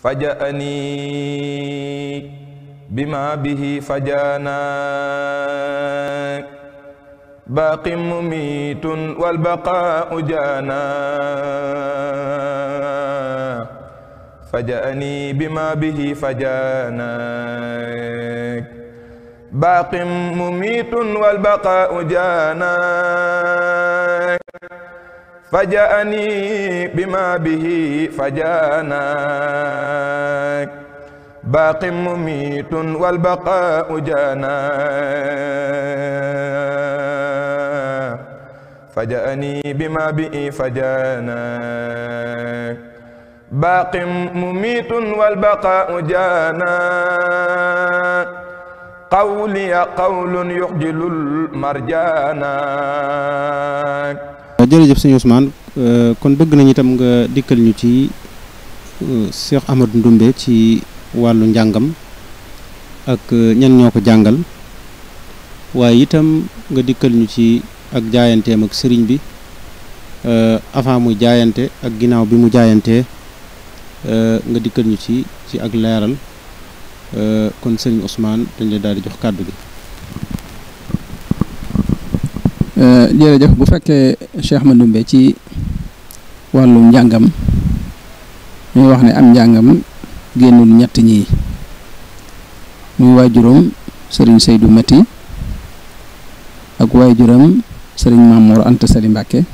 فجأني بما به فجانا باق مميت والبقاء جانا فجأني بما به فجانا باق مميت والبقاء جانا Fajaani bima bihi fajaanak, baqim mumiun wal baka ujana. Fajaani bima bihi fajaanak, baqim mumiun wal baka ujana. Qauli ya qaul yujilul marjana. jërëjëf sëñ Ousmane euh, kon bëgg nañu itam nga dikkal ñu ci euh, Cheikh Ahmadou Ndoumbe ci wàllu njàngam ak euh, ñan ñoo ko jàngal waaye itam nga dikkal ñu ci ak jaayanteem ak sëriñ bi avant muy jaayante ak ginnaaw bi mu jaayantee nga dikkal ñu ci ci ak leeral kon sëriñ Ousmane dañ la daal di jox kàddu gi Euh, jërëjëf bu fekkee Cheikh Mandoumbe ci wàllu njàngam ñuy wax ne am njàngam génnul ñett ñi muy waajuram sëriñ Seydou Mati ak waajuram sëriñ Mamour Anta Sali Mbàkke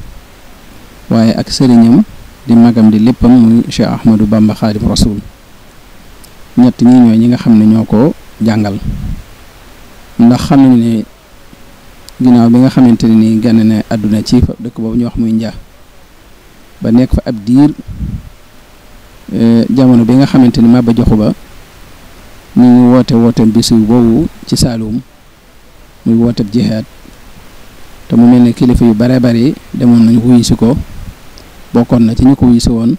waaye ak sëriñam di magam di léppam muy Cheikh Ahmadou Bamba Xaadim Rasul ñett ñii ñooy ñi nga xam ne ñoo ko jàngal ndax xam nañu ne ginnaaw bi nga xamante ne nii gane na àdduna ci dëkk boobu ñu wax muy njaa ba nekk fa ab diir e, jamono bi nga xamante ni Maba Jaxu Ba ñu ngi woote wooteem bisiw boobu ci Saalum muy wooteeb jihaad te mu mel ne kilifa yu bare bare demoon nañu wuyu si ko bokkoon na ci ñu ko wuyu si woon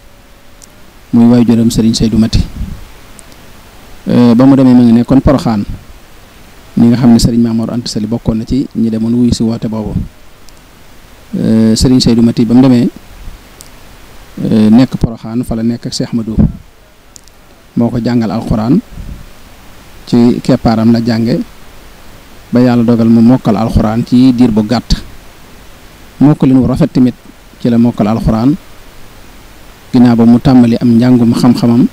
muy waajuram Serigne Seydou Mati e, ba mu demee mu ngi kon Poroxaan ni nga xam ne sëriñ Mamour Anta Sali bokkoon na ci ñi demoon wuyu si woote boobu euh, sëriñ Seydou Mati ba mu demee euh, nekk Poroxaan fa la nekk ak ma Ahmadou moo ko jàngal alxuraan ci keppaaram la jànge ba yàlla dogal mu mokkal alxuraan ci diir bu gàtt mokkalin wu rafet tamit ci la mokkal alxuraan ginnaaw ba mu tàmbali am njàngum xam-xamam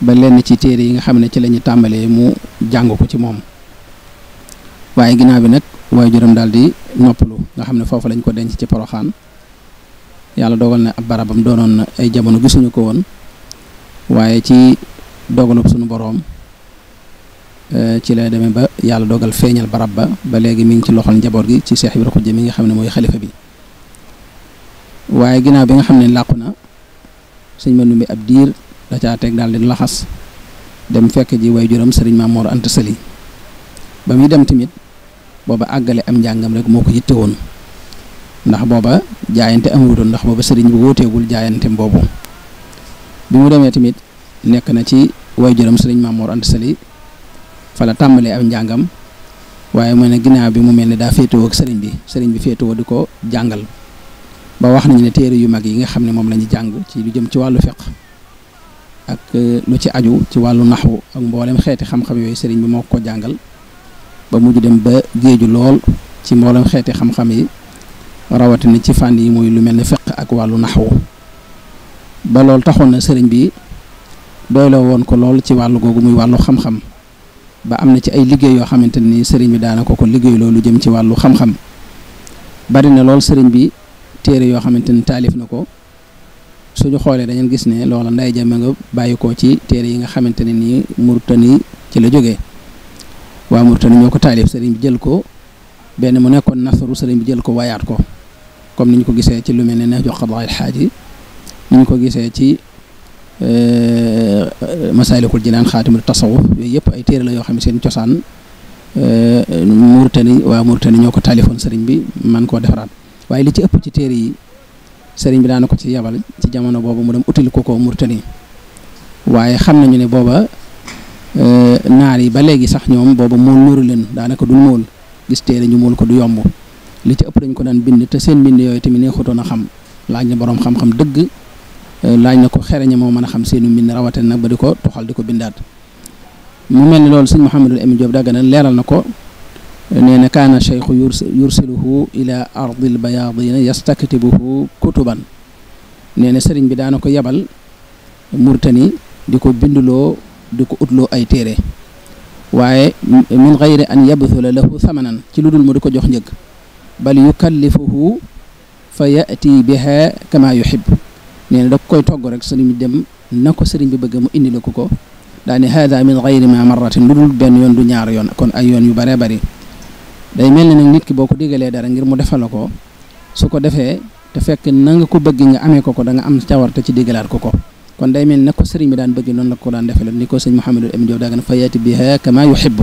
ba lenn ci téere yi nga xam ne ci la tàmbalee mu jàng ko ci moom. waaye ginnaaw bi nag waaye juróom daal di noppalu nga xam ne foofu lañ ko denc ci poroxaan yàlla dogal na ab barabam doonoon na ay jamono gisuñu ko woon waaye ci dogalub suñu boroom eh, ci lay demee ba yàlla dogal feeñal barab ba ba léegi mi ngi ci loxol njaboot gi ci Cheikh Ibrahima Khoudia mi nga xam ne mooy xalifa bi waaye ginnaaw bi nga xam ne làqu na sëñ ma numbi ab diir da caa teg laxas dem fekk ji way juróom sëriñ Maam Mor Anta Sali ba muy dem tamit booba àggale am njàngam rek moo ko yitte woon ndax booba jaayante amutoon ndax booba sëriñ bi wóoteegul jaayanteem boobu bi mu demee tamit nekk na ci jërëm sëriñ Mamoor Anta Sali fa tàmbalee am njàngam waaye mu ne ginnaaw bi mu mel ni daa féetewoo ak sëriñ bi sëriñ bi féetewoo di ko jàngal ba wax nañu ne téere yu mag yi nga xam ne moom la ñu jàng ci lu jëm ci wàllu fiq ak euh, lu ci aju ci wàllu naxwu ak mboolem xeeti xam-xam yooyu sëriñ bi moo ko jàngal ba mujj dem ba géeju lool ci mboolem xeeti xam-xam yi rawatina ci fànn yi muy lu mel ne fiq ak wàllu naxwu ba loolu taxoon na sëriñ bi doyloo woon ko lool ci wàllu googu muy wàllu xam-xam ba am na ci ay liggéey yoo xamante ni sëriñ bi daana ko ko liggéey loolu jëm ci wàllu xam-xam bari na lool sëriñ bi téere yoo xamante ni taalif na ko suñu xoolee dañu gis ne loola nday jame nga bàyyi ko ci téere yi nga xamante ne nii Murtani ci la jóge waa Mauritanie ñoo ko taalif sëriñ bi jël ko benn mu nekkoon nasaru sëriñ bi jël ko wayaat ko comme ni ñu ko gisee ci lu mel ne ne jox xabaar xaaji ni ñu ko gisee ci euh, masaalikul jinaan xaatimul tasawuf yooyu yëpp ay téere la yoo xam ne seen cosaan euh, Mauritanie waa Mauritanie ñoo ko taalifoon sëriñ bi man koo defaraat waaye li ci ëpp ci téer yi sëriñ bi daana ko ci yabal ci jamono boobu mu dem util ko ko Mauritanie waaye xam nañu ne booba Euh, naar yi ba léegi sax ñoom booba mool nóoru leen daanaka du mool gis téere ñu mool ko du yomb li ci ëpp dañ ko daan bind te seen bind yooyu tamit neexutoon a xam laaj na boroom xam-xam dëgg euh, laaj na ko xereñe moo mën a xam seenu mbind rawatina nag ba di ko toxal di ko bindaat mu mel ni loolu sëñ Mouhamadul Amin Diop Dagana leeral na ko nee na kaana cheikhu yursiluhu ila ardil bayaadina yastaktibuhu kutuban nee na sëriñ bi daana ko yebal murtani di ko binduloo di ko utloo ay téere waaye min gayri an yabthula lahu samanan ci lu dul mu di ko jox njëg bal yukallifuhu fa yati biha kama yuhib nee na da koy togg rek sëriñ bi dem na ko sëriñ bi bëgg mu indi la ko ko daane hada min gayri ma marratin lu dul benn yoon du ñaar yoon kon ay yoon yu bare bari day mel ne nag nit ki boo ko digalee dara ngir mu defal ko su ko defee te fekk na nga ko bëgg nga amee ko ko da nga am cawarte ci digalaat ko ko kon day mel na ko sëriñ bi daan bëgg noonu la ko daan defee ni ko sëñ Mouhamadou Amine Diop daa gën a fayaati biha kama yuhibbu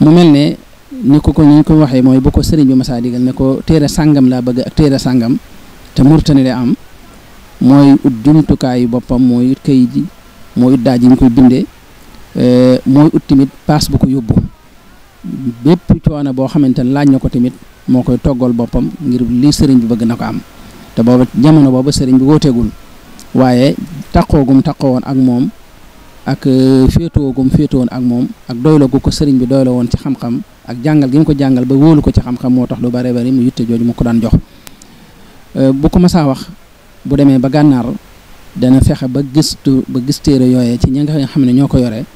mu mel ne ni ko waxee mooy bu ko sëriñ bi masaa digal ko téere sàngam laa bëgg ak téere sàngam te murtani la am mooy ut jumtukaayu boppam mooy ut kayit ji mooy ut daaj yi ñu koy bindee eh, mooy ut tamit paas bu ko yóbbu bépp coono boo xamante ne laaj na ko tamit moo koy toggal boppam ngir li sëriñ bi bëgg na ko am te booba jamono boobu sëriñ bi wóoteegul. waaye taqoogum taqoo woon ak moom ak euh, féetoogum féetoon ak moom ak doyla gu ko sëriñ bi doyla woon ci xam-xam ak jàngal gi mu ko jàngal ba wóolu ko ci xam-xam moo tax lu bare bari mu yitte jooju mu ko daan jox euh, bu ko masaa wax bu demee ba gànnaar dana fexe ba gistu ba gis téere ci ñi nga xam ne ñoo ko yore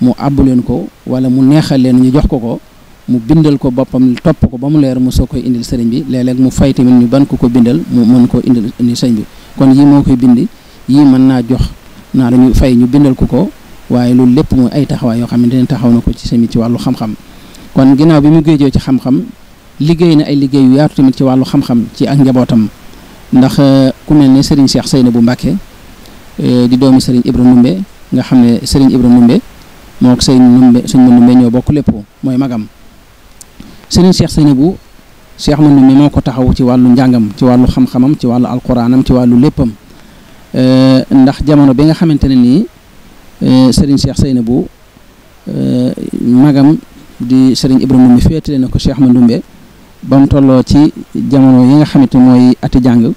mu àbbu leen ko wala mu neexal leen ñu jox ko ko mu bindal ko boppam topp ko ba mu leer mu soo koy indil sëriñ bi léeg mu fay tamit ñu ban ko ko bindal mu mën koo indil ni sëriñ bi kon yii moo koy bind yii mën naa jox naa dañu fay ñu bindal ko ko waaye loolu lépp mooy ay taxawaay yoo xamante ne taxaw na ko ci sami ci wàllu xam kon ginnaaw bi mu géejoo ci xam liggéey na ay liggéey yu yaatu tamit ci wàllu xam-xam ci ak njabootam ndax euh, ku mel ne Serigne Cheikh Seynabou Mbacké euh, di doomi Serigne Ibra Ndoumbé nga xam ne Serigne Ibra Ndoumbé moo ak Serigne Ndoumbé suñ ma Ndoumbé ñoo bokk lépp mooy magam Serigne Cheikh Seynabou Cheikh Mandou mi moo ko taxaw ci wàllu njàngam ci wàllu xam-xamam ci wàllu alquranam ci wàllu léppam euh, ndax jamono bi nga xamante ne nii euh, Serigne Cheikh Seynabou euh, magam di sëriñ Ibrahima mi féetale na ko Cheikh Mandoumbe ba mu tolloo ci jamono yi nga xamante mooy ati jàng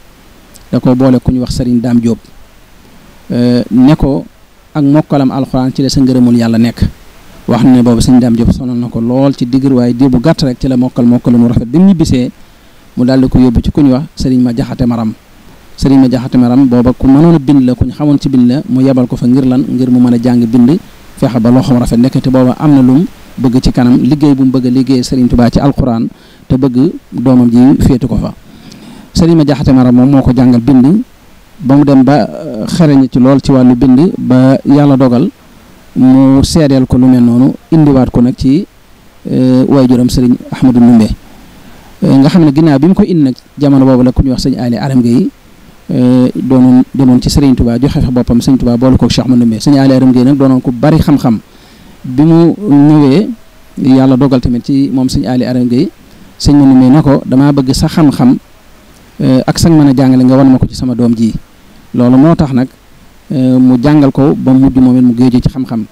da ko boole ku ñu wax Serigne Dame Diop ne ko ak mokkalam alxuraan ci la sa ngërëmul yàlla nekk. waxne bobu seigne sëñ daam sonal nako lol ci digir way diir bu gàtt rek ci la mokal mokal mu rafet bi mu mu dal ko yobbu ci ku wax sëriñ ma jaxate maram sëriñ ma jaxate maram bobu ku mënoon bind la kuñ xamone ci bind la mu yabal ko fa ngir lan ngir mu meuna jang bind fexe ba loxoom rafet nekkati booba am na lum bëgg ci kanam liggey bu mu bëgg liggey liggéey sëriñ ci alquran te bëgg domam ji fetu ko fa sëriñ ma jaxate maram moom moko ko bind ba mu dem ba euh, xereñ ci lol ci walu bind ba yalla dogal mu seedeel ko lu mel noonu indiwaat ko nag ci way e, waajuram sëriñ Ahmadou Ndoumbé e, nga xam ne ginnaaw bi mu ko indi nag jamono boobu la ku ñuy wax sëñ Ali Aram Gueye e, doonoon demoon ci sëriñ Touba joxe boppam sëñ Touba boole koog Cheikh Ahmadou Ndoumbé sëñ Ali Aram Gueye nag doonoon ko bari xam-xam bi mu ñëwee yàlla dogal tamit ci moom sëñ Ali Aram Gueye sëñ ma Ndoumbé ne ko damaa bëgg sa xam-xam ak sax mën a jàngale nga wan ma ko ci sama doom ji loolu moo tax nag. Euh, mu jàngal ko ba mujj moom it mu géeju ci xam-xam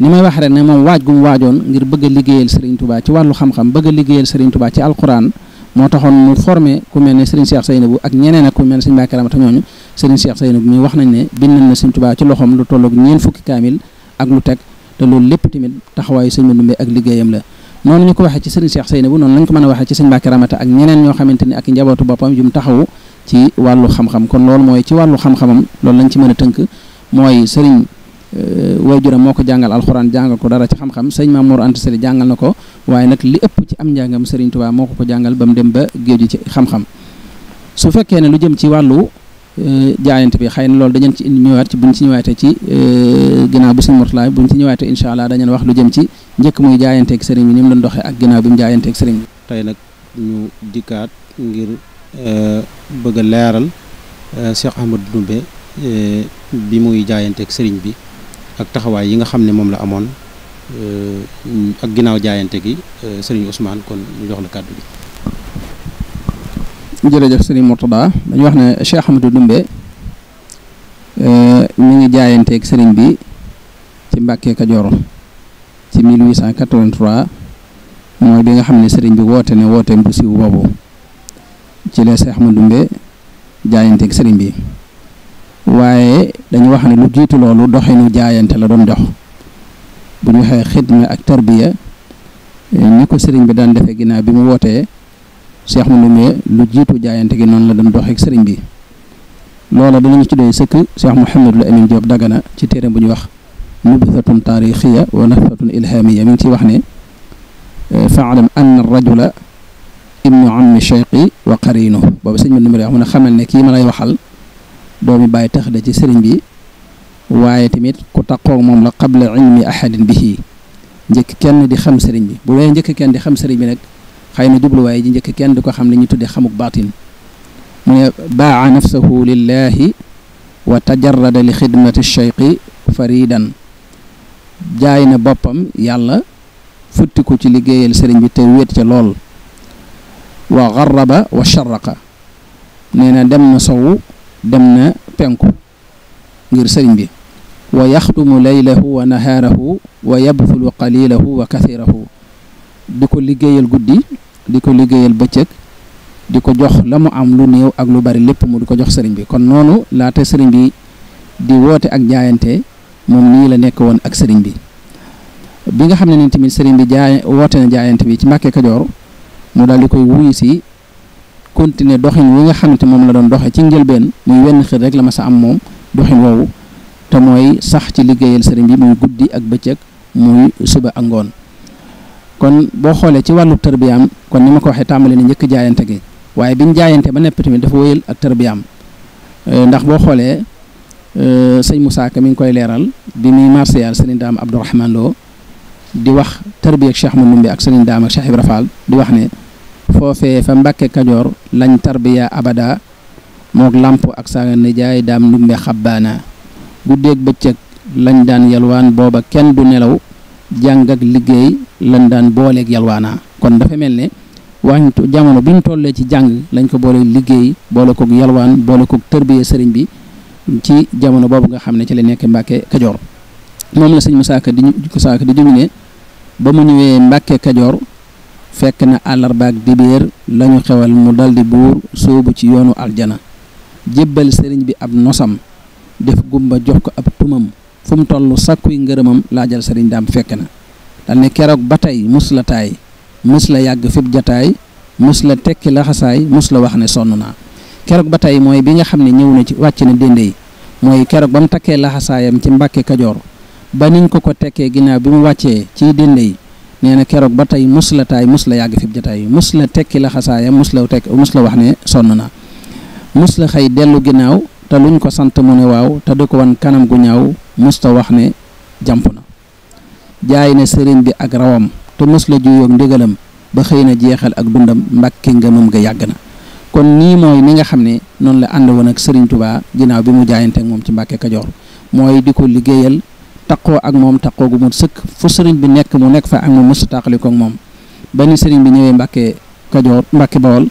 ni may wax rek ne moom waaj gu waajoon ngir bëgg liggéeyal Serigne tubaa ci wàllu xam-xam bëgg a liggéeyal Serigne Touba ci alquran moo taxoon mu formé ku mel ne Serigne Cheikh Seynabou ak ñeneen ak ku mel ne Serigne Mbacké Ramata ñooñu Serigne Cheikh Seynabou wax nañ ne bind na Serigne Touba ci loxoom lu tolloog ñeen fukki kaamil ak lu teg te loolu lépp tamit taxawaayu Serigne Mandoumbe ak liggéeyam la noonu ñu ko waxee ci Serigne Cheikh Seynabou noonu lañ mën a waxee ci ak ñeneen ñoo xamante ni ak njabootu boppam mu taxawu ci wàllu xam-xam kon loolu mooy ci wàllu xam-xamam loolu lañ ci mën a tënk mooy sëriñ euh, waajuram moo ko jàngal alxuraan jàngal ko dara ci xam-xam sëñ ma Mor Anta Sali jàngal na ko waaye nag li ëpp ci am njàngam sëriñ Tuubaa moo ko ko jàngal ba mu dem ba géeju ci xam-xam su fekkee ne lu jëm ci wàllu euh, jaayante bi xëy na loolu dañu ci indi ñëwaat ci buñ ci ñëwaatee ci euh, ginnaaw bu sëñ Murtala buñ ci ñëwaatee incha allah dañeen wax lu jëm ci njëkk muy jaayanteeg sëriñ bi ni mu doon doxee ak ginnaaw bi mu jaayanteeg sëriñ tey nag ñu dikkaat ngir bëgg a leeral euh, Cheikh Ahmadou Ndoumbe euh, bi muy jaayanteeg sëriñ bi ak taxawaay yi nga xam ne moom la amoon euh, ak ginnaaw jaayante gi sëriñ Ousmane kon ñu jox la kàddu gi. jërëjëf sëriñ Mourtada dañu wax ne Cheikh Ahmadou Ndoumbe mi ngi jaayanteeg sëriñ bi ci Mbàkke Kajoor ci 1883 mooy bi nga xam ne sëriñ bi woote ne woote bu siiw boobu. ci la Cheikh Ahmadou Mbe jaayanteeg sëriñ bi waaye dañu wax ne lu jiitu loolu doxinu jaayante la doon dox bu ñu waxee xidma ak tarbiya ni ko sëriñ bi daan defee ginnaaw bi mu wootee Cheikh Ahmadou Mbe lu jiitu jaayante gi noonu la doon doxeeg sëriñ bi loola dinañu ci doy sëkk Cheikh Mouhamadul Amin Diop Dagana ci téere bu ñu wax nubsatun taarixiya wa nafsatun ilhamiya mi ngi ciy wax ne faalam ann rajula ibnu ammi cheyqi wa qarinu boobu sëñ bi numéro yi mun a xamal ne kii ma lay waxal doomi bàyyi tax da ci sëriñ bi waaye tamit ku taqoog moom la qabla ilmi ahadin bihi njëkk kenn di xam sëriñ bi bu njëkk kenn di xam sëriñ bi nag xay na jubluwaay ji njëkk kenn di ko xam li tuddee xamuk baatin mu ne baa nafsahu lillahi wa tajarrada li xidmati cheyqi faridan jaay na boppam yàlla futti ko ci liggéeyal sëriñ bi te wéet ca lool wa garraba wa sharraqa nee na dem na sow dem na penku ngir sëriñ bi wa yaxdumu laylahu wa nahaarahu wa yabthulu qalilahu wa kathirahu di ko liggéeyal guddi di ko liggéeyal bëccëg di ko jox la mu am lu néew ak lu bari lépp mu di ko jox sëriñ bi kon noonu laata sëriñ bi di woote ak jaayante moom nii la nekk woon ak sëriñ bi bi nga xam ne ni tamit sëriñ bi jaay woote na jaayante bi ci Mbàkke Kajoor mu daal di koy wuyu si continuer doxin wi nga xamante mom la doon doxé ci ben muy wenn xir rek la ma sa am mom doxin wowo te moy sax ci liggéeyal sëriñ bi muy guddi ak muy suba ak kon bohole xolé ci walu tarbiyam kon nima ko waxee tambali ni njëkk jaayante gi waye biñ jaayante ba nepp tamit dafa wëyal ak tarbiyam euh, ndax boo xoolee euh, sëñ Moussa Ka mi ngi koy bi sëriñ Abdourahman Lo di wax tarbiyek Cheikh Cheikh Mandumbe ak sëriñ daam ak Cheikh Ibrahim di wax ne foofee fa Mbàkke Kajoor lañ tarbiya abada mook làmp ak saa nijaay daam ndumbe xabbaana guddeeg bëccëg lañ daan yalwaan booba kenn du nelaw jàng ak liggéey lañ daan booleeg yalwaana kon dafa mel ne waxtu jamono bi ñu tollee ci jàng lañ ko booleeg liggéey boole koog yalwaan boole koog tërbiya sëriñ bi ci jamono boobu nga xam ne ci la nekk Mbàkke Kajoor moom la sëñ Musaa di Musaa di jóg ba mu ñëwee Mbàkke Kajoor fekk na àllarbaak dibéer lañu xewal mu daldi buur sóobu ci yoonu aljana jébbal sëriñ bi ab nosam def gumba jox ko ab tumam fu mu toll sakkuy ngërëmam laajal sëriñ daam fekk na dal ne keroog ba tey mus taay mus la yàgg fib jataay mus la tekki laxasaay mus la wax ne sonn naa keroog ba tey mooy bi nga xam ne ñëw na ci wàcc na dénde yi mooy keroog ba mu takkee laxasaayam ci mbàkke kajoor ba niñ ko ko tekkee ginnaaw bi mu wàccee ciy dénde yi nee na keroog ba tey mos la taay mos la yàgg fi jataay mos la tekki la xasaaya mos la tekk wax ne sonn naa mos la xëy dellu ginnaaw te luñ ko sant mu ne waaw te du ko wan kanam gu ñaaw mos wax ne jàmp na jaay na sëriñ bi ak rawam te mos la juyoog ndigalam ba xëy na jeexal ak dundam mbàkki ngëmam ga yàgg na kon nii mooy ni nga xam ne noonu la ànd woon ak sëriñ Touba ginnaaw bi mu jaayante ak moom ci Mbàkke Kajoor mooy di ko liggéeyal takkoo ak moom takkoo gu mu sëkk fu sëriñ bi nekk mu nekk fa ak moom mësu tàqaliko ak moom ba ni sëriñ bi ñëwee Mbàkke Kajoor Mbàkke Bawol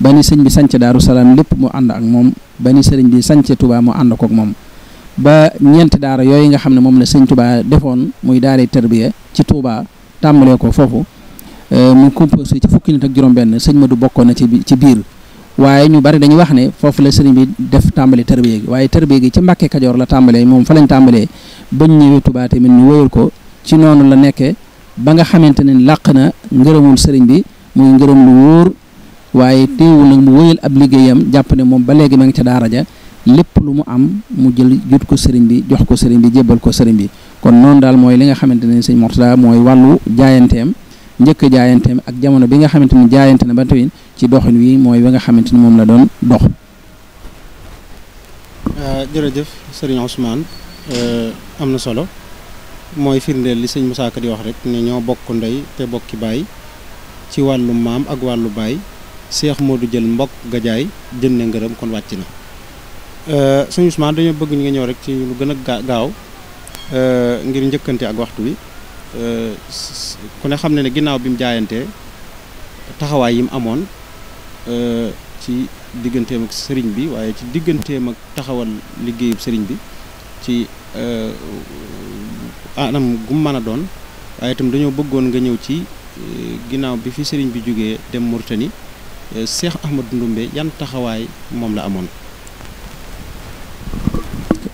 ba ni sëñ bi sanc Daaru Salaam lépp mu ànd ak moom ba ni bi sanc Touba mu ànd moom ba ñeenti daara yooyu nga xam ne moom la sëñ Touba defoon muy daaree tarbiya ci Touba tàmbalee ko foofu euh, mu composé ci fukki ak juróom-benn sëñ Madou bokkoon na ci ci biir waaye ñu bari dañuy wax ne foofu la sëriñ bi def tàmbali tarbiya gi waaye tarbiya gi ci Mbàkke Kajoor la tàmbalee moom fa lañ tàmbalee bañ ñëwee Touba tamit ñu wéyal ko ci noonu la nekkee ba nga xamante ne làq na ngërëmul sëriñ bi muy ngërëm lu wóor waaye teewul nag mu wéyal ab liggéeyam jàpp ne moom ba léegi ma ngi ca daara ja lépp lu mu am mu jël jot ko sëriñ bi jox ko sëriñ bi jébbal ko sëriñ bi kon noonu daal mooy li nga xamante ne sëñ Mourtada mooy wàllu jaayanteem njëkk jaayanteem ak jamono bi nga xamante ne jaayante na ba tawin ci doxin wii mooy wi nga xamante ni moom la doon dox. Ah, jërëjëf Euh, am na solo mooy firndeel li sëñ Moussa Ka di wax rek ne ñoo bokk ndey te bokki baay ci wàllu maam ak wàllu baay seex moo du jël mbokk gajaay jënne ngërëm kon wàcc na euh, sëñ Ousmane dañoo bëgg ñu nga ñëw rek ci lu gën a gaaw euh, ngir njëkkante ak waxtu wi ku ne xam ne ne ginnaaw bi mu jaayante taxawaay yi mu amoon ci digganteem ak sëriñ bi waaye ci digganteem ak taxawal liggéeyub sëriñ bi ci euh, anam gum mën a doon waaye itam dañoo bëggoon nga ñëw ci euh, ginnaaw bi fi sëriñ bi jógee dem Murtani Seex euh, Ahmadou Ndoumbe yan taxawaay moom la amoon.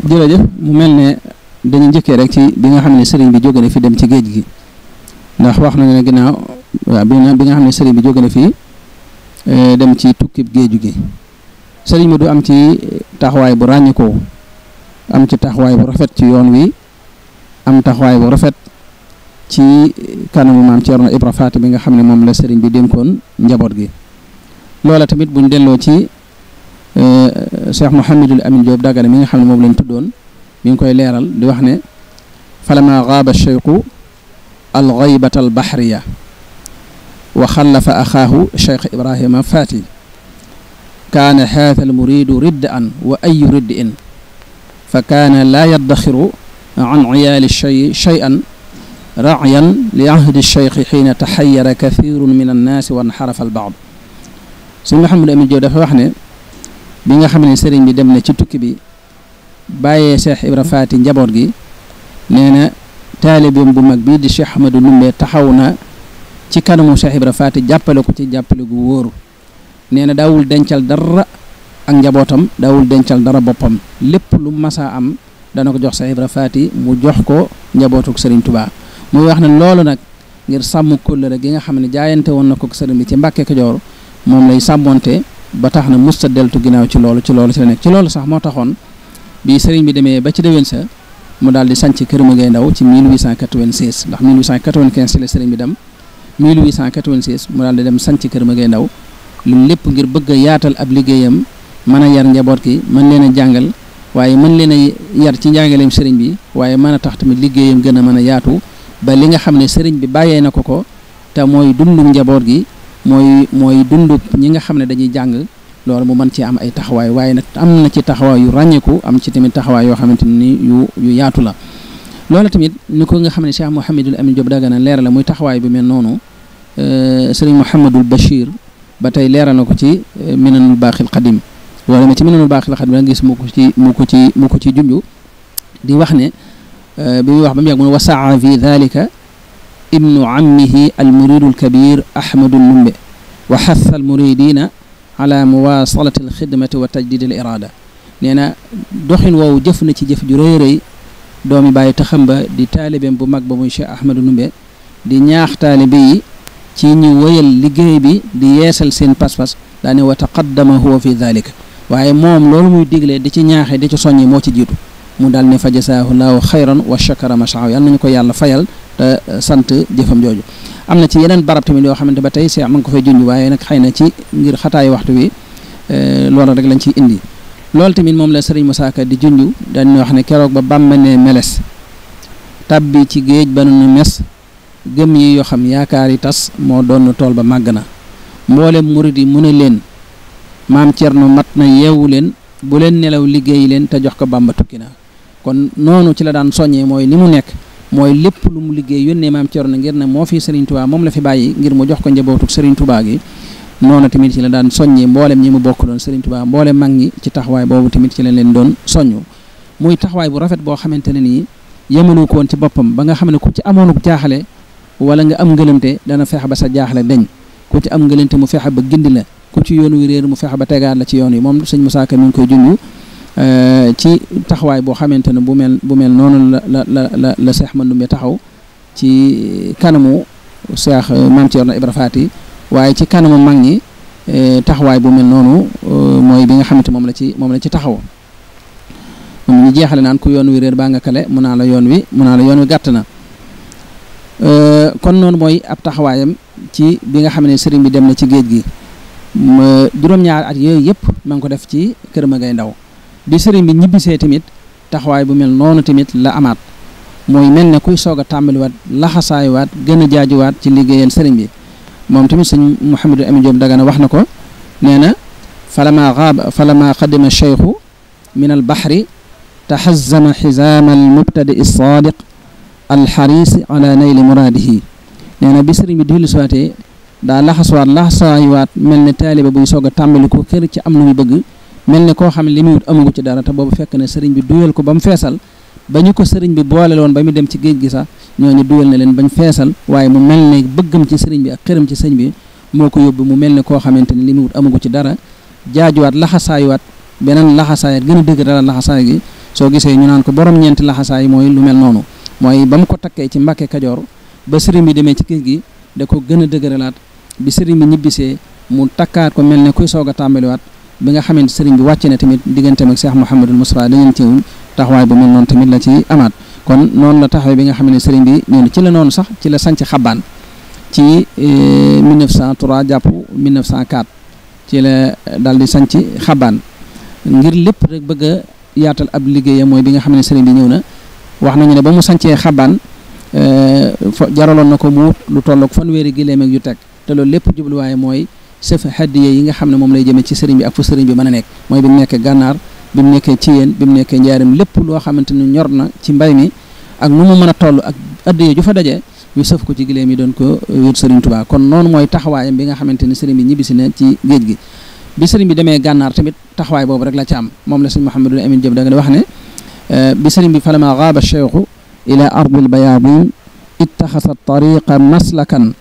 jërëjëf mu mel ne dañu njëkkee rek ci bi nga xam ne sëriñ bi jóge na fi dem ci géej gi ndax wax na ne ginnaaw waaw bi nga xam ne sëriñ bi jóge na fi dem ci tukkib géeju gi sëriñ bi du am ci taxawaay bu ràññikoo am ci taxawaay bu rafet ci yoon wi am taxawaay bu rafet ci kanamu maam Thierno Ibra Faty bi nga xam ne moom la sëriñ bi dénkoon njaboot gi loola tamit buñ delloo ci euh, Cheikh Mouhamadul Amin Diop Dagana mi nga xam ne moom lañ tuddoon mi ngi koy leeral di wax ne falama gaaba cheikhu algaybata albahriya wa xallafa axaahu cheikh ibrahima faati kaana haada almuridu ridda an wa ayu riddi in فكان لا يدخر عن عيال الشيء شيئا رعيا لعهد الشيخ حين تحير كثير من الناس وانحرف البعض سي محمد امين جو دا فا بيغا خامني سيرين بي ديمنا سي توكي بي بايي شيخ ابراهيم فاتي نجابور جي نينا طالبيم بو ماك بي دي شيخ احمد نومبي تخاونا سي كانمو شيخ ابراهيم فاتي جابالو كو سي جابالو غو وور نينا داول دنتال دار ak njabootam dawul dencal dara boppam lépp lu masa am dana ko jox sa Ibra Faty mu jox ko njabootuk Serigne Touba muy wax na loolu nag ngir sàmm kóllëre gi nga xam ne jaayante woon na ko sëriñ bi ci Mbàkke Kajoor moom lay sàmmonte ba tax na musta deltu ginnaaw ci loolu ci loolu ci la nekk ci loolu sax moo taxoon bi sëriñ bi demee ba ci déwén sa mu daal di sanc Kër Magay Ndaw ci 1896 ndax 1895 ci la sëriñ bi dem 1896 mu daal di dem sanc Kër Magay Ndaw lu lépp ngir bëgg a yaatal ab liggéeyam mën a yar njaboot gi mën leen a jàngal waaye mën leen a yar ci njàngaleem sëriñ bi waaye mën a tax tamit liggéeyam gën a mën a yaatu ba li nga xam ne sëriñ bi bàyyee na ko ko te mooy dundu njaboot gi mooy mooy dundu ñi nga xam ne dañuy jàng loolu mu mën ci am ay taxawaay waaye nag am na ci taxawaay yu ràññeeku am ci tamit taxawaay yoo xamante ni yu yu yaatu la loolu tamit ni ko nga xam ne Cheikh Mouhamadul Amin Diop Dagana leer la muy taxawaay bi mel noonu euh, sëriñ Mouhamadul Bachir ba tey leeral na ko ci euh, Minanul Baaxil Qadim loolu demee ci mënoon baax la xam gis mu ko ci mu ko ci mu ko ci junj di wax ne euh, bi wax ba mu yàgg mu ne wasaa fi dalika ibnu ammihi almuridu alkabir ahmadu lumbe wa xath almuridina ala muwasalati alxidmati nee na doxin woowu jëf na ci jëf ju rëy rëy di taalibeem bu mag ba muy Cheikh Ahmadou Numbe di ñaax taalibe ci ñu wëyal liggéey bi di yeesal seen pas-pas daane wa taqaddama huwa waaye moom loolu muy diglee di ci ñaaxee di ci soññi moo ci jiitu mu daal ne fa jasaahu laahu xayran wa shakara mashaaw yàlla nañu ko yàlla fayal te eh, sant jëfam jooju am na ci yeneen barab tamit yoo xamante ba tey see ma ngi ko fay junj waaye nag xëy na ci ngir xataay waxtu wi eh, loolu rek lañ ci indi loolu tamit moom la sëriñ Musaa Ka di junj dañu wax ne keroog ba bàmba ne meles tàbbi ci géej ba nu mes gëm yi yoo xam yaakaar yi tas moo doon tool ba màgg na leen maam Thierno mat na yeewu leen bu leen nelaw liggéey leen te jox ko Bàmba tukki na kon noonu ci la daan soññee mooy li mu nekk mooy lépp lu mu liggéey yónnee maam Thierno ngir ne moo fi Serigne Touba moom la fi bàyyi ngir mu jox ko njabootu Serigne Touba gi noonu tamit ci la daan soññee mboolem ñi mu bokk doon Serigne Touba mboolem mag ñi ci taxawaay boobu tamit ci la leen doon soññu muy taxawaay bu rafet boo xamante ne nii yemanu ko woon ci boppam ba nga xam ne ku ci amoonuk jaaxle wala nga am ngëlëmte dana fexe ba sa jaaxle deñ ku ci am ngëlëmte mu fexe ba gindi la ku ci yoon wi réer mu fex ba tegaat la ci yoon wi moom sëñ Moussa Ka mi koy junj euh, ci taxawaay boo xamante ne bu mel bu mel noonu la la la la la Seex Mandumbe taxaw ci kanamu Seex euh, Maam Cerno Ibra waaye ci kanamu mag ñi euh, taxawaay bu mel noonu mooy bi nga xamante moom la ci moom la ci taxaw moom ñu jeexale naan ku yoon wi réer baa nga kale mun naa la yoon wi mun naa la yoon wi gàtt na kon noonu mooy ab taxawaayam ci bi nga xam ne sëriñ bi dem na ci géej gi ma juróom-ñaar at yooyu yëpp ma ngi ko def ci kër ma ngay ndaw bi sëriñ bi ñibbisee tamit taxawaay bu mel noonu tamit la amaat mooy mel na kuy soog a tàmbaliwaat laxasaayuwaat gën a jaajuwaat ci liggéeyal sëriñ bi moom tamit sëñ Mouhamadou Amin Diop Dagana wax na ko nee na falama xaaba falama qadima cheikhu min al bahri taxazama xizaama al mubtadi as-saadiq al xariis ala nayli muraadihi nee na bi sëriñ bi dellu daa laxaswaat laxaswaayuwaat mel ne taaliba buy soog a tàmbali ko kër ci am na mu bëgg mel ne koo xam ne li muy wut ci dara te boobu fekk ne sëriñ bi duyal ko ba mu feesal ba ñu ko sëriñ bi boole woon ba mu dem ci géej gi sax ñooñu duyal na leen bañ feesal waaye mu mel ne bëggam ci sëriñ bi ak xëram ci sëriñ bi moo ko yóbbu mu mel ne koo xamante ne li mu wut amagu ci dara jaajuwaat laxasaayuwaat beneen laxasaayaat gën a dëgg dara laxasaay gi soo gisee ñu naan ko borom ñeenti laxasaay mooy lu mel noonu mooy bam ko takkee ci Mbàkke Kajoor ba sëriñ bi demee ci géej gi da ko gën a dëgëralaat bi sëriñ bi ñibbisee mu takkaat ko mel ne kuy soog a tàmbaliwaat bi nga xamante sëriñ bi wàcce na tamit digganteem ak Cheikh Mouhamadul Moustapha dañu teewul taxawaay bu mel noonu tamit la ci amaat kon noonu la taxawee bi nga xam ne sëriñ bi ñoom ci la noonu sax ci la sanc xabaan ci 1903 eh, jàpp 1904 ci la daal di sanc xabaan ngir lépp rek bëgg a yaatal ab liggéeyam mooy bi nga xam ne sëriñ bi ñëw na wax nañu ne ba mu sancee xabaan eh, fa jaraloon na ko mu lu tolloog fanweeri gileem ak yu teg te loolu lépp jubluwaay mooy sëf hadiya yi nga xam ne moom lay jëme ci sëriñ bi ak fu sëriñ bi mën a nekk mooy bi mu nekkee gànnaar bi mu nekkee ci yéen bi mu nekkee njaarim lépp loo xamante ni ñor na ci mbay mi ak nu mu mën a toll ak addiya ju fa daje yu sëf ko ci giléem mi doon ko wér sëriñ tuba kon noonu mooy taxawaayam bi nga xamante ni sëriñ bi ñibbisi na ci géej gi bi sëriñ bi demee gànnaar tamit taxawaay boobu rek la ci am moom la sëriñ Mouhamadul Amin Diop da nga wax ne bi sëriñ bi falama gaaba cheikhu ila ardil bayaadin ittaxasa tariqa maslakan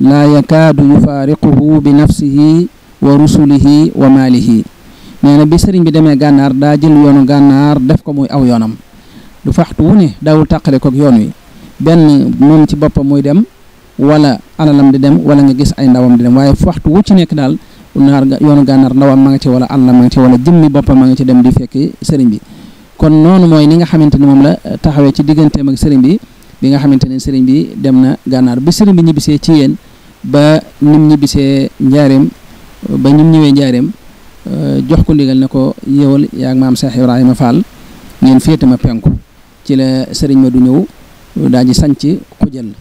laa yakaadu yufaariquhu bi nafsihi wa rusulihi wa maalihi nee na bi sëriñ bi demee gànnaar daa jël yoonu gànnaar def ko muy aw yoonam du faxtuwu wu ne daawul tàqale kook yoon wi benn moom ci boppam muy dem wala alalam di dem wala nga gis ay ndawam di dem waaye waxtu wu ci nekk daal naar yoonu gànnaar ndawam a nga ci wala alalam ma nga ci wala jëmmi boppam ma nga ci dem di fekk sëriñ bi kon noonu mooy ni nga xamante ni moom la taxawee ci digganteem ak sëriñ bi bi nga xamante ne sëriñ bi dem na gànnaar ba sëriñ bi ñibbisee ci yéen ba nim ñibbisee njaareem ba ñim ñëwee njaareem euh, jox ko ndigal ne ko yëwal yaa ak maam Cheikh Ibrahima Fall ngeen féete ma penku ci la sëriñ ma du ñëw daa ji sanc xujal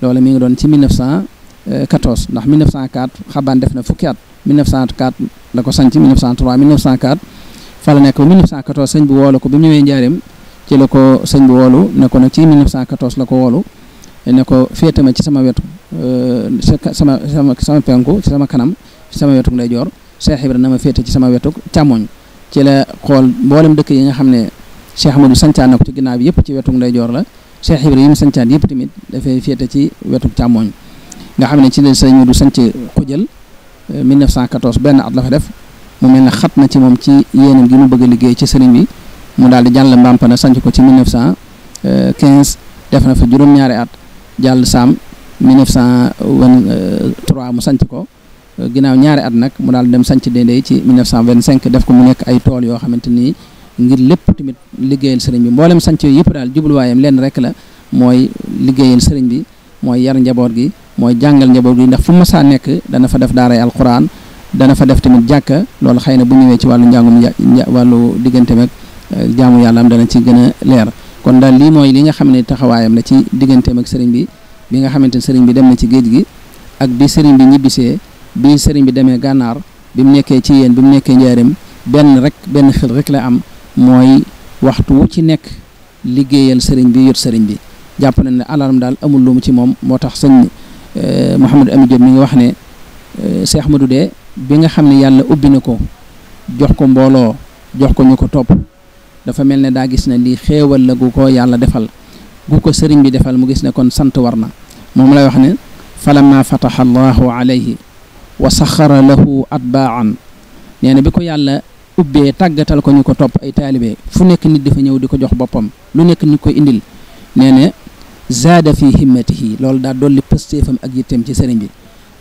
loola mi ngi doon ci 1914 ndax 1904 xabaan def na fukki at 1904 la ko sanc 1903 1904 fa la nekk ba 1914 sëñ bi woo ko bi mu ñëwee njaareem ci la ko sëñ bi woolu ne ko nag ci 1914 la ko woolu ne ko féete ma ci sama wetu euh, sama sama sama penku ci sama kanam ci sama wetu lay joor Cheikh Ibra na ma féete ci sama wetu càmmoñ ci la xool mboolem dëkk yi nga xam ne Cheikh Amadou sancaan na ko ci ginnaaw bi yëpp ci wetu lay joor la Cheikh Ibra yi mu sancaan yëpp tamit dafay féete ci wetu càmmoñ nga xam ne ci la sëñ Modou sanc xujal 1914 benn at la fa def mu mel ne xat na ci moom ci yéenam gi mu bëgg a liggéey ci sëriñ bi mu daal di jàll Mbampana sanc ko ci 1915 def na fa juróom-ñaari at jàll sam cent 1923 mu sanc ko ginnaaw ñaari at nag mu daal dem sanc Dendey ci vingt 1925 def ko mu nekk ay tool yoo xamante ni ngir lépp tamit liggéeyal sëriñ bi mbooleem sanc yooyu yëpp daal jubluwaayam leen rek la mooy liggéeyal sëriñ bi mooy yar njaboot gi mooy jàngal njaboot gi ndax fu ma masaa nekk dana fa def daaray alquran dana fa def tamit jàkka loolu xëy na bu ñëwee ci wàllu njàngum wàllu diggante jaamu yàlla am dana ci gën a leer kon daal lii mooy li nga xam ne taxawaayam la ci digganteem ak sëriñ bi bi nga xamante ne sëriñ bi dem na ci géej gi ak bi sëriñ bi ñibbisee bi sëriñ bi demee gànnaar bi mu nekkee ci yéen bi mu nekkee njaareem benn rek benn xel rek la am mooy waxtu ci nekk liggéeyal sëriñ bi yot sëriñ bi jàpp nañ ne daal amul lu ci moom moo tax sëñ eh, Mouhamadou Ami Diop mi ngi wax ne eh, Cheikh Ahmadou de bi nga xam ne yàlla ubbi na ko jox ko mbooloo jox ko ñu ko topp dafa melne da gis ne li xewal la gu ko yàlla defal gu ko bi defal mu gis ne kon sante warna mom lay wax ne falamma fataha allah alayhi wa sakhara lahu atbaan neena biko yàlla ubbe tagatal ko ñuko top ay talibe fu nek nit dafa ñëw diko jox bopam lu nek nit ko indil neena zada fi himmatihi lol da dolli pestefam ak yitem ci serign bi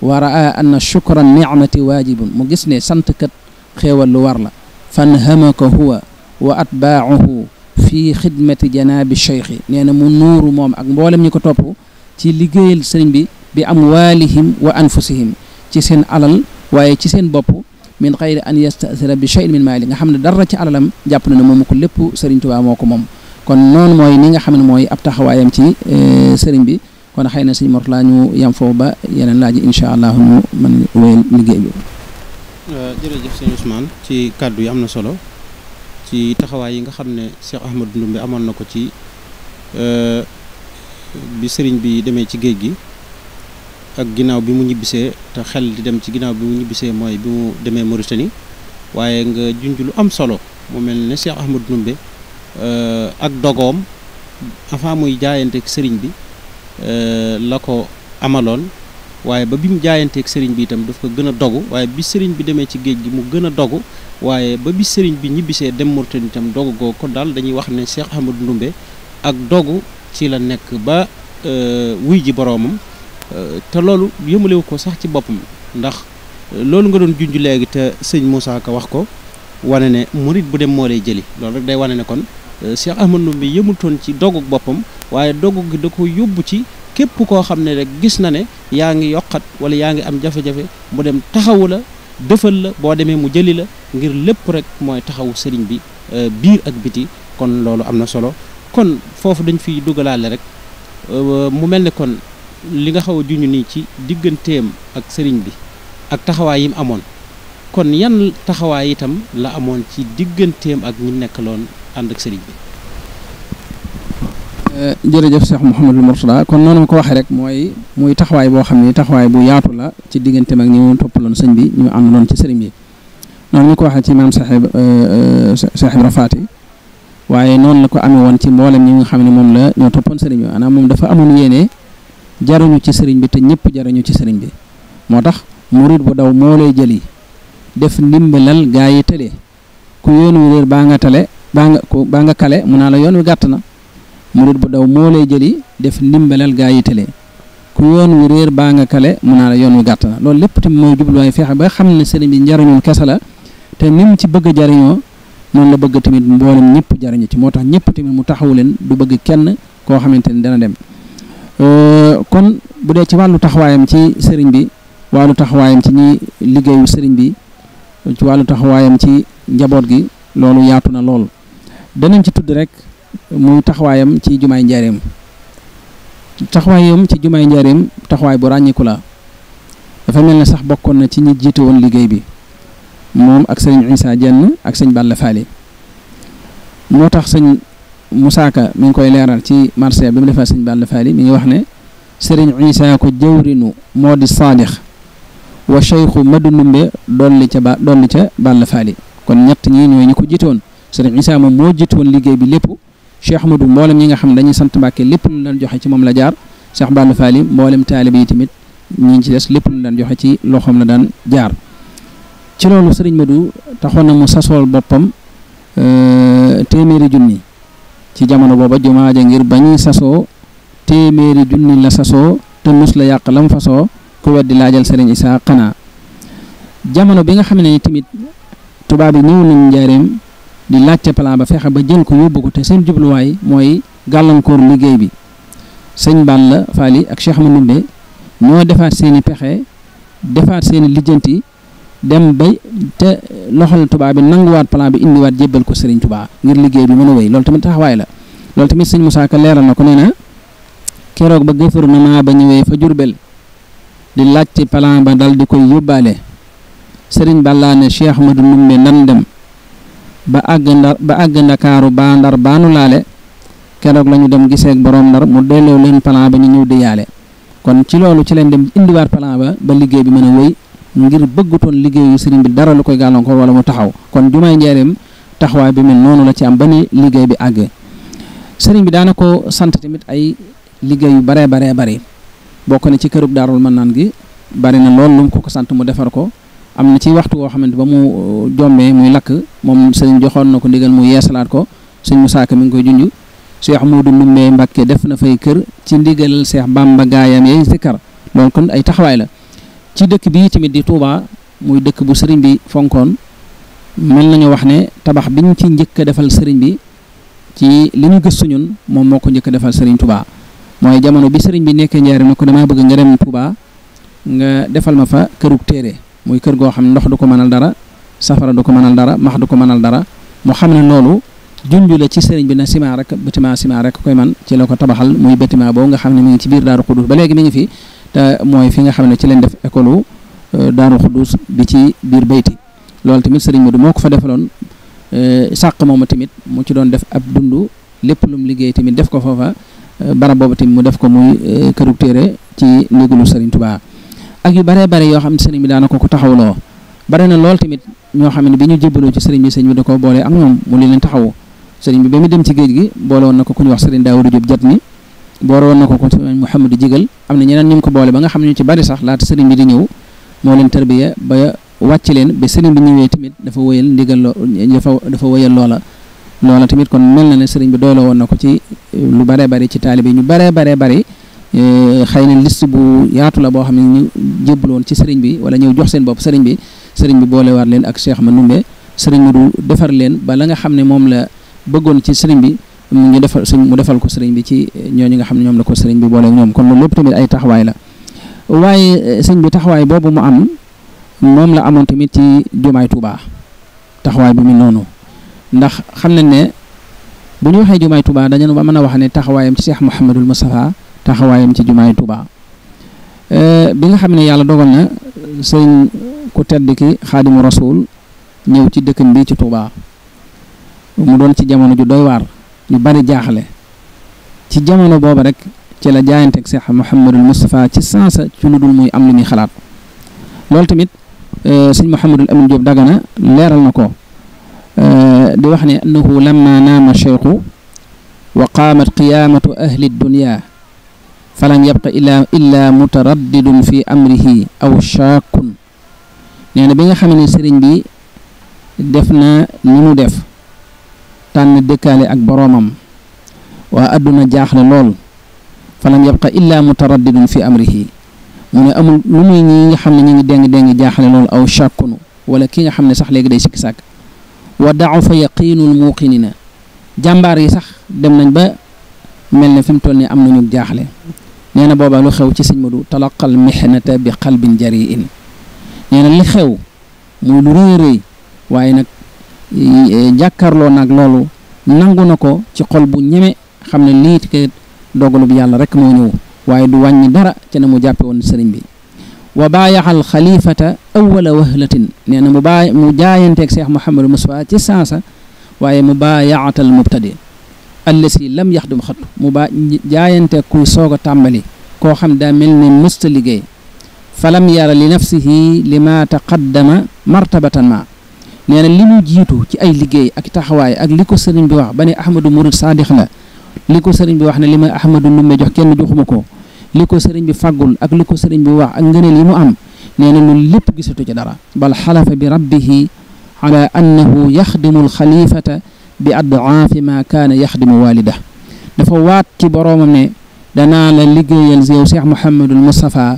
wa raa anna shukran ni'mati wajibun mu gis ne sante kat xewal lu war la fan huwa wa في خدمه xidmati janaabi cheikhi nee na mu nuuru moom ak mboolem ñi ko topp ci liggéeyal sëriñ bi bi amwaalihim wa anfusihim ci seen alal waaye ci seen bopp min xayri an yastasira bi min maali nga xam ne dara ci alalam jàpp na ne ko lépp sëriñ Tuubaa moo ko kon noonu mooy ni nga xam ne mooy ab taxawaayam ci sëriñ bi kon xëy na sëñ ñu yam foofu ba yeneen laaj yi incha allah ñu mën wéyal liggéey bi Ousmane ci kàddu yi am solo ci taxawaay yi nga xam ne Cheikh Ahmadou Ndoumbe amoon na ko ci euh, bi sëriñ bi demee ci géej gi ak ginnaaw bi mu ñibbisee te xel di dem ci ginnaaw bi mu ñibbisee mooy bi mu demee Mauritanie waaye nga junj lu am solo mu mel ne Cheikh Ahmadou Ndoumbe euh, ak dogoom avant muy jaayante ak sëriñ bi euh, la ko amaloon waaye ba bi mu jaayanteeg sëriñ bi itam daf ko gën a dogu waaye bi sëriñ bi demee ci géej gi mu gën a waaye ba bi sëriñ bi ñibbisee dem Mauritanie itam dogu googu ko daal dañuy wax ne Cheikh Ahmadou Ndoumbe ak dogu ci la nekk ba euh, wuy ji boroomam euh, te loolu yëmalewu ko sax ci boppam ndax euh, loolu nga doon junj léegi te sëñ Moussa wax ko wane ne murit bu dem moo lay jëli loolu rek day wane ne kon Cheikh Ahmadou Ndoumbe yëmutoon ci dogug boppam waaye dogug gi da ko yóbbu ci képp koo xam ne rek gis na ne yaa ngi yokkat wala yaa ngi am jafe-jafe mu dem taxawu la defal la boo demee mu jëli la ngir lépp rek mooy taxawu sëriñ bi euh, biir ak biti kon loolu am na solo kon foofu dañ fiy dugalaale rek euh, mu mel ni kon li nga xaw a juñu nii ci digganteem ak sëriñ bi ak taxawaay yi amoon kon yan taxawaay itam la amoon ci digganteem ak ñi nekkaloon ànd ak sëriñ bi Eh, jërëjëf Cheikh Mouhamadul Mourtada kon noonu ma ko waxee rek mooy muy taxawaay boo xam ni taxawaay bu yaatu la ci digganteem ak ñi woon toppaloon sëñ bi ñu àndaloon ci sëriñ bi noonu ko waxee ci maam Cheikh eh, Cheikh Ibra Faati waaye noonu la ko amee woon ci mboolem ñi nga xam ne moom la ñoo toppoon sëriñ bi moom dafa amoon yéene jaruñu ci sëriñ bi te ñëpp jariñu ci sëriñ bi moo tax murid bu daw moo lay jëli def ndimbalal gaa yi tële ku yoon wi réer baa nga tale baa nga ku baa nga kale mu naa la yoon wi gàtt na murit bu daw moo lay jëli def ndimbalal gaa yi tële ku yoon wi réer baa nga kale mun naa la yoon wi gàtt na loolu lépp tamit mooy jubluwaay fexe ba xam ne sëriñ bi njariñul kese la te ni ci bëgg jariñoo noonu la bëgg tamit mboolem ñëpp jariñu ci moo tax ñëpp tamit mu taxawu leen du bëgg kenn koo xamante ni dana dem euh, kon bu dee ci wàllu taxawaayam ci sëriñ bi wàllu taxawaayam ci ñi liggéeyu sëriñ bi ci wàllu taxawaayam ci njaboot gi loolu yaatu na lool danañ ci tudd rek muy taxawaayam ci jumaay njaareem taxawaayam ci jumaay njaareem taxawaay bu ràññiku la dafa mel ne sax bokkoon na ci ñi jiite woon liggéey bi moom ak sëñ Issa Dieng ak sëñ Balla Faali moo tax sëñ Moussa Ka koy leeral ci marché bi defal sëñ Balla mi ngi wax ne sëriñ Issa ko jëwrinu moo di Saadix wa Cheikhu Madu Ndumbe dolli ca ba dolli ca Balla Faali kon ñett ñi ñooy ñu ko jiitoon sëriñ Issa moom moo jiitoon liggéey bi lépp Cheikh Ahmadou mboolem ñi nga xam dañuy sant Mbàkke lépp lu leen joxe ci moom la jaar Cheikh Balla Faali mboolem taalibe yi tamit ñi ci des lépp lu leen joxe ci loxoom la daan jaar ci loolu sëriñ Madou taxoon na mu sasool boppam euh, téeméeri junni ci jamono booba jumaa ja ngir bañuy sasoo téeméeri junni la sasoo te mus la yàq lam fasoo ku weddi laajal sëriñ sa xanaa jamono bi nga xam ne tamit tubaab yi ñëw nañ njaareem di laajte plan ba fexe ba jël ko yóbbu ko te seen jubluwaay mooy gàllankoor liggéey bi sëñ Balla Faly ak Cheikh Ahmadou Ndoumbé ñoo defaat seeni pexe defaat seen i lijjanti dem ba te loxol tubaab bi nanguwaat plan bi indiwaat jébbal ko Serigne tubaa ngir liggéey bi mën a wéy loolu tamit taxawaay la loolu tamit sëñ Moussa Ka leeral na ko nee na keroog ba gouvernement ba ñëwee fa Jurbel di laajte plan ba dal di koy yóbbaale Serigne Balla ne Cheikh Ahmadou Ndoumbé dem. ba àgg ndar ba àgg ndakaaru baa ndar baanu laale keroog la ñu dem giseek boroom ndar mu delloo leen plan ba ñu ñëw déyaale kon ci loolu ci leen dem indiwaat plan ba ba liggéey bi mën a wéy ngir bëgg bëggutoon liggéeyu sëriñ bi dara lu koy gàllankoor wala mu taxaw kon jumaay njeereem taxawaay bi mel noonu la ci am ba ni liggéey bi àggee sëriñ bi daana ko sant tamit ay liggéey yu baree baree bari bokk na ci kërub daarul mën naan gi bari na lool lu ko ko sant mu defar ko am ci waxtu woo xamanteni ba mu uh, jommee muy lak mom serigne joxon nako ko ndigal mu yeesalaat ko serigne musa Ka mi ngoy jundju Cheikh Modou Ndoumbé Mbacké def na fay keur ci ndigal Cheikh Bamba gayam yay sikkar loolu kon ay taxaway la ci dekk bi tamit di Touba muy dekk bu serigne bi fonkon mel nañu wax ne tabax biñ ci njëkk defal serigne bi ci liñu ñu gëstu ñun mom moko defal serigne Touba moy jamono bi serigne bi nekk ñaar nako dama bëgg nga dem Touba nga defal ma fa keuruk téré muy kër goo xam ne ndox du ko mënal dara safara du ko mënal dara max du ko mënal dara mu xam ne loolu junju la ci sëriñ bi na ciment rek bâtiment ciment rek koy man ci la ko tabaxal muy bâtiment boobu nga xam ne mi ngi ci biir Daaru Xuddus ba léegi mi ngi fi te mooy fi nga xam ne ci leen def école euh, Daaru Xuddus bi ci biir bayti loolu tamit sëriñ Modou moo ko fa defaloon euh, sàq moomu tamit mu ci doon def ab dund lépp lu liggéey tamit def ko foofa euh, bara boobu tamit mu def ko muy kërug téere ci néegulu sëriñ Touba. ak yu baree bare yoo xam ne sëriñ bi daana ko ko taxawloo bare na lool tamit ñoo xam ne bi ñu jébbaloo ci sëriñ bi sëriñ bi da boole ak ñoom mu leen taxawu sëriñ bi ba mu géej gi boole na ko ku ñu wax sëriñ Daawudu Jóob jat ni boole woon na ko ku sëriñ Mouhamadou Jigal am na ñeneen ñu ko boole ba nga xam ne ñu ci bari sax laata bi di ñëw moo leen tarbiya ba wàcc leen ba sëriñ bi ñëwee tamit dafa wëyal ndigal loo dafa dafa wëyal loola loola tamit kon mel na ne sëriñ bi doyloo woon na ko ci lu baree bari ci taalibe ñu baree baree bari Eh, xëy na liste bu yaatu la boo xam ne ñu jébbaloon ci sëriñ bi wala ñëw jox seen bopp sëriñ bi sëriñ bi boolewaat leen ak Cheikh Manoumbe sëriñ Modou defar leen bala nga xam ne moom la bëggoon ci sëriñ bi ñu defal mu defal ko sëriñ bi ci ñooñu nga xam ne ñoom la ko sëriñ bi boole ñoom kon loolu lépp tamit ay taxawaay la waaye eh, sëñ bi taxawaay boobu mu am moom la amoon tamit ci jumaay Touba taxawaay bi mu noonu ndax xam nañ ne bu ñu waxee jumaay Touba dañu mën a wax ne taxawaayam ci Cheikh Mouhamadul Moustapha taxawaayam ci jumaay Touba bi nga xam ne yàlla dogal na sëñ ku tedd ki xaadimu rasul ñëw ci dëkkam bi ci Touba mu doon ci jamono ju doy waar ñu bari jaaxle ci jamono booba rek ci la jaayanteeg Seex Muhammadul Moustapha ci sansa ci lu dul muy am lu xalaat loolu tamit sëñ Muhammadul Amin Diop Dagana leeral na ko di wax ne annahu lamma naama cheikhu wa qaamat qiyaamatu ahli dunya falan yabqa illa illa mutaraddidun fi amrihi aw shaakun nee na bi nga xam ne sëriñ bi def na li mu def tànn dëkkaale ak boroomam waa àdduna jaaxle lool falan yabqa illa mutaraddidun fi amrihi mu ne amul lu muy ñi nga xam ne ñu ngi déng déng jaaxle lool aw shaakunu wala ki nga xam ne sax léegi day sikki sàkk wa daaw fa yaqiinul muuqinina jàmbaar yi sax dem nañ ba mel ne fi mu toll nii am nañu jaaxle nee na booba lu xew ci sëñ Modou talaqal mihnata bi qalbin jariin nee na li xew muy lu rëy rëy waaye nag e, jàkkaarloo nag loolu nangu na ko ci xol bu ñeme xam ne lii ke dogalub yàlla rek moo ñëw waaye du wàññi dara ca na mu jàppe woon sëriñ bi wa baayaxa al xalifata awala wahlatin nee na mu baay mu jaayanteeg Cheikh Mouhamadou Moustapha ci saasa waaye mu baayaxatal mubtadi allasi lam yaxdum xattu mu ba jaayante kuy soog a tàmbali koo xam daa mel ni mësta liggéey falam yara li nafsihi li ma taqaddama martabatan ma nee na li ñu jiitu ci ay liggéey ak taxawaay ak li ko sëriñ bi wax ba ne ahmadu murid saadix la li ko sëriñ bi wax ne li ma ahmadu numbe jox kenn joxuma ko li ko sëriñ bi faggul ak li ko sëriñ bi wax ak ngëneel yi mu am nee na lépp gisatu ci dara bal xalafa bi rabbihi ala annahu yaxdimu alxalifata bi adaafi ma kaan yaxdimu waalida dafa waat ci boroomam ne danaa la liggéeyal yow Cheikh Mouhamadul Moustapha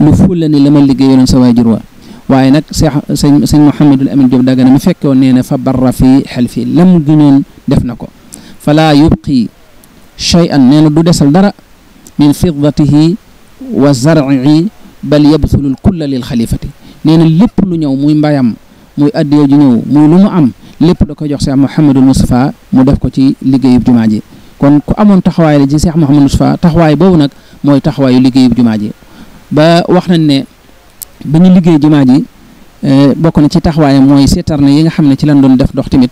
lu fulla ni la ma liggéeyaloon sa waajur wa waaye nag Cheikh sëñ sëñ Mouhamadul Amin Diop Dagana mi fekkoon nee na fa barra fi xel fi lam giñoon def na ko falaa yubqi shay'an nee na du desal dara min fiddatihi wa zarcihi bal yabsulul kulla lil xalifati nee na lu ñëw muy mbayam muy addiyo ju ñëw muy lu am lépp da koy jox Cheikh Mouhamadul Moustapha mu def ko ci liggéeyub jumaa ji kon ku amoon taxawaay la ci Cheikh Mouhamadul Moustapha taxawaay boobu nag mooy taxawaayu liggéeyub jumaa ji ba wax nañ ne bi ñu liggéey jumaa ji eh, bokk na ci taxawaayam mooy seetarne yi nga xam ne ci lañ doon def dox tamit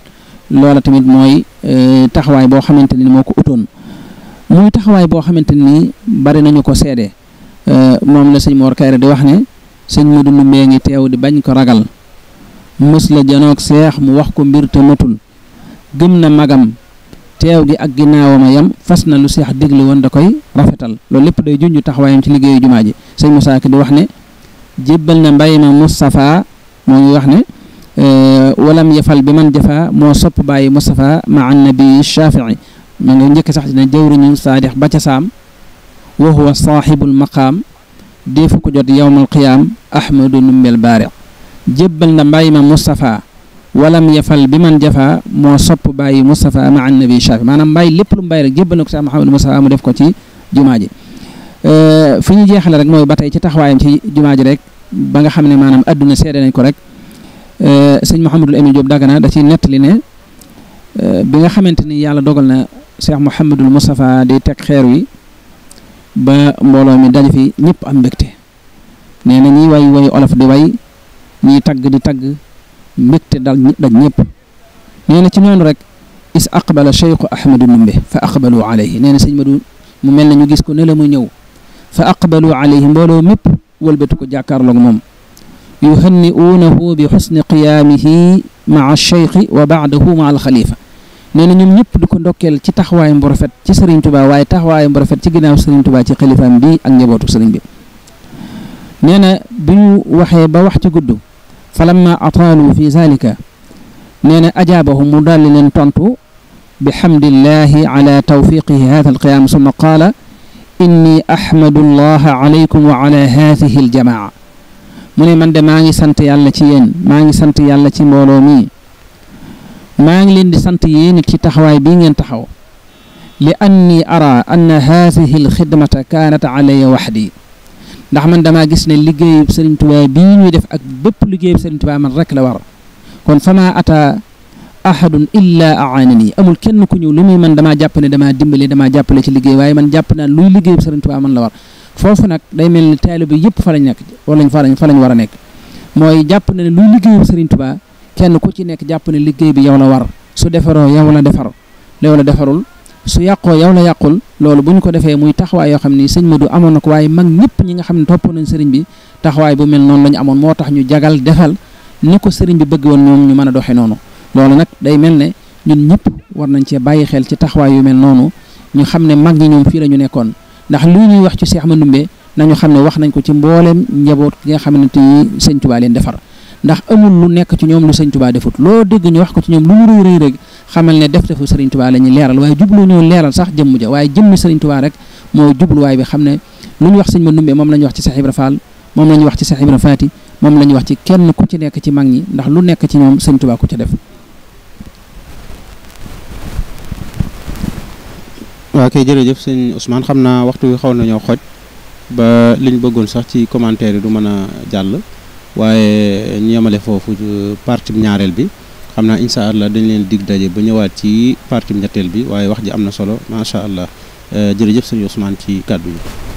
loola tamit mooy eh, taxawaay boo xamante ni moo ko utoon muy taxawaay boo xamante ni bari nañu ko seede eh, moom la sëñ Mor Kayre di wax ne sëñ Modou Mbee ngi teew di bañ ko ragal musla janok sheikh mu wax ko mbir te matul gemna magam teew gi ak ginnaawam yam fasna lu sheikh digle won dakoy rafetal lo lépp day juñu taxwayam ci liggéeyu jumaaji ji musa ki di wax ne jébbal na mbayima mustafa mo ngi wax ne walam yafal bi man jafa moo sopp bàyyi Moustapha ma annabi Shafii ma nga njëkk sax dina jawriñu saadix ba ca saam wa huwa saaxibul maqaam deefu ko jot yowmal qiyaam ahmadu numbel baariq jébbal na mbàyyi ma Moustapha walam yafal bi man jafa moo sopp bàyyi Moustapha ma an nabi Shafi maanaam mbàyyi lépp lu mbàyyi rek jébbal na ko Cheikh Mouhamadou Moustapha mu def ko ci jumaa fi ñu jeexale rek mooy ba tey ci taxawaayam ci jumaa rek ba nga xam ne maanaam adduna seede nañ ko rek sëñ Mouhamadul Amin Diop Dagana da ci nettali ne bi nga xamante ni yàlla dogal na Cheikh Mouhamadul Moustapha di teg xeer wi ba mbooloo mi daje fi ñëpp am mbégte nee na ñuy way way olof di way ñiy tagg di tagg mbégte dal daj ñëpp nee ci noonu rek is aqbala cheikhu ahmadu ndumbe fa aqbalu alayhi nee na sëñ madu mu mel na ñu gis ko ne la mu ñëw fa aqbalu alayhi mbooloo mépp wëlbatu ko jàkkaarloog moom yuhanni'uunahu bi xusni qiyaamihi maa cheikhi wa baadahu maa alxalifa nee na ñoom ñëpp di ko ndokkeel ci taxawaayam bu rafet ci sëriñ tubaa waaye taxawaayam rafet ci ginnaaw sëriñ tubaa ci xalifaam bi ak njabootu sëriñ bi nee na bi waxee ba wax ci gudd فلما أطالوا في ذلك نين أجابهم مدلل تنط بحمد الله على توفيقه هذا القيام ثم قال إني أحمد الله عليكم وعلى هذه الجماعة من من دي ماغي سنت يالا سي يين ماغي سنت يالا سي لين دي يين تي تخواي بي نين لاني ارى ان هذه الخدمه كانت علي وحدي ndax man damaa gis ne liggéeyub Sëriñ Tuubaa bii ñuy def ak bépp liggéeyub Sëriñ Tuubaa man rek la war kon fama ata ahadun illa aanani amul kenn ku ñëw lu muy man damaa jàpp ne damaa dimbale damaa jàppale ci liggéey waaye man jàpp naa luy liggéeyub Sëriñ Tuubaa man la war foofu nag day mel ni taalibe yëpp fa lañ nekk wala fa lañ fa lañ war a nekk mooy jàpp na ne luy liggéeyub kenn ku ci nekk jàpp ne liggéey bi yow la war su defaroo yow la defar yow la defarul su yàqoo yow la yàqul loolu bu ñu ko defee muy taxawaay yoo xam ni sëñ Madou amoon na ko waaye mag ñëpp ñi nga xam ne topp nañ sëriñ bi taxawaay bu mel noonu la ñu amoon moo tax ñu jagal defal ni ko sëriñ bi bëgg woon ñoom ñu mën a doxee noonu loolu nag day mel ne ñun ñëpp war nañ cee bàyyi xel ci taxawaay yu mel noonu ñu xam ne mag ñi ñoom fii la ñu nekkoon ndax lu ñuy wax ci Cheikh Mandoumbe nañu xam ne wax nañ ko ci mbooleem njaboot gi nga xam ni sëñ Tuubaa leen defar ndax amul lu nekk ci ñoom lu sëñ Tuubaa defut loo dégg ñu wax ko ci ñoom lu mu rëy rëy rek xamal ne def defu Serigne Touba la ñuy leeral waaye jublu ñoo leeral sax jëmm ja waaye jëmmi Serigne Touba rek moo jubluwaay bi xam ne lu ñu wax sëñ ma numbee moom lañu wax ci sa Ibra Fall moom la ñu wax ci Cheikh Ibra Faati moom wax ci kenn ku ci nekk ci mag ñi ndax lu nekk ci moom Sëñ Tuubaa ku ci def waaw kay jërëjëf sëñ Ousmane xam naa waxtu wi xaw nañoo xoj ba liñ bëggoon sax ci commentaire yi du mën a jàll waaye ñu yemale foofu partie ñaareel bi xam naa incha allah dañ leen dig daje ba ñëwaat ci partie ñetteel bi waaye wax ji am na solo macha allah euh, jërëjëf sëñ Ousmane ci kàddu yi.